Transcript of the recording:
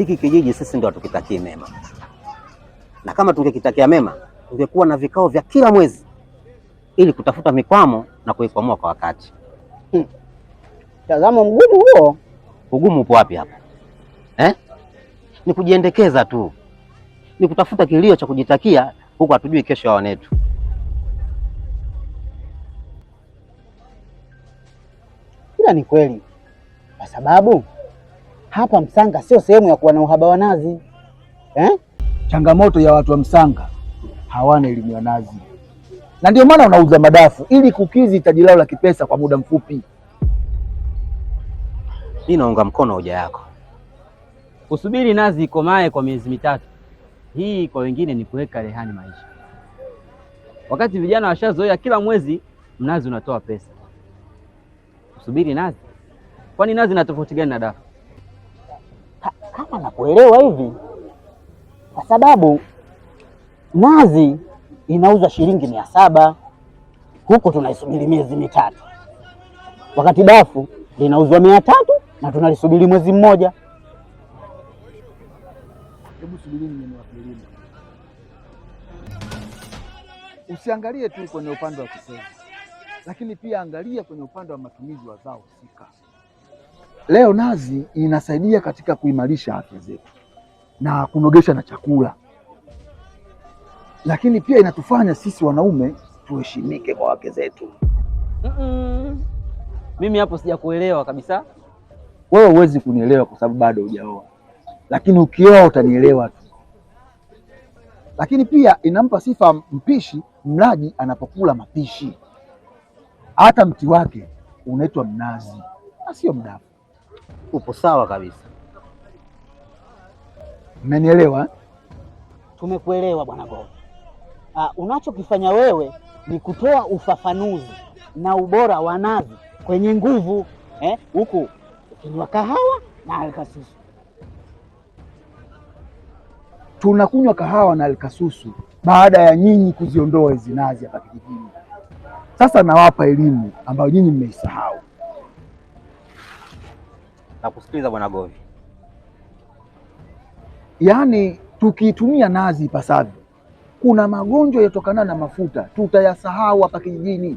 hiki kijiji sisi ndio hatukitakii mema, na kama tungekitakia mema tungekuwa na vikao vya kila mwezi ili kutafuta mikwamo na kuikwamua kwa wakati. Hmm. Tazama mgumu huo. Ugumu upo wapi hapa eh? Ni kujiendekeza tu, ni kutafuta kilio cha kujitakia huku hatujui kesho ya wanetu. Ila ni kweli kwa sababu hapa Msanga sio sehemu ya kuwa na uhaba wa nazi eh? Changamoto ya watu wa Msanga hawana elimu ya nazi, na ndio maana wanauza madafu ili kukizi hitaji lao la kipesa kwa muda mfupi. Mimi naunga mkono hoja yako. Kusubiri nazi ikomae kwa miezi mitatu, hii kwa wengine ni kuweka rehani maisha, wakati vijana washazoea kila mwezi mnazi unatoa pesa. Kusubiri nazi, kwani nazi na tofauti gani na dafu? hapa nakuelewa hivi, kwa sababu nazi inauzwa shilingi mia saba huku tunaisubiri miezi mitatu, wakati dafu linauzwa mia tatu na tunalisubiri mwezi mmoja. Hebu subirini usiangalie tu kwenye upande wa kifedha, lakini pia angalia kwenye upande wa matumizi wa zao husika. Leo nazi inasaidia katika kuimarisha afya zetu na kunogesha na chakula, lakini pia inatufanya sisi wanaume tuheshimike kwa wake zetu. mm -mm. Mimi hapo sijakuelewa kabisa. Wewe huwezi kunielewa kwa sababu bado hujaoa, lakini ukioa utanielewa tu. Lakini pia inampa sifa mpishi, mlaji anapokula mapishi, hata mti wake unaitwa mnazi na sio mdafu upo sawa kabisa. Mmenielewa? Eh? Tumekuelewa bwana Gogo. Ah, unachokifanya wewe ni kutoa ufafanuzi na ubora wa nazi kwenye nguvu eh? huku eh, ukinywa kahawa na alkasusu. Tunakunywa kahawa na alkasusu baada ya nyinyi kuziondoa hizi nazi hapa kijijini. Sasa nawapa elimu ambayo nyinyi mmeisahau. Nakusikiliza bwana Govi. Yaani tukiitumia nazi ipasavyo, kuna magonjwa yatokana na mafuta tutayasahau hapa kijijini.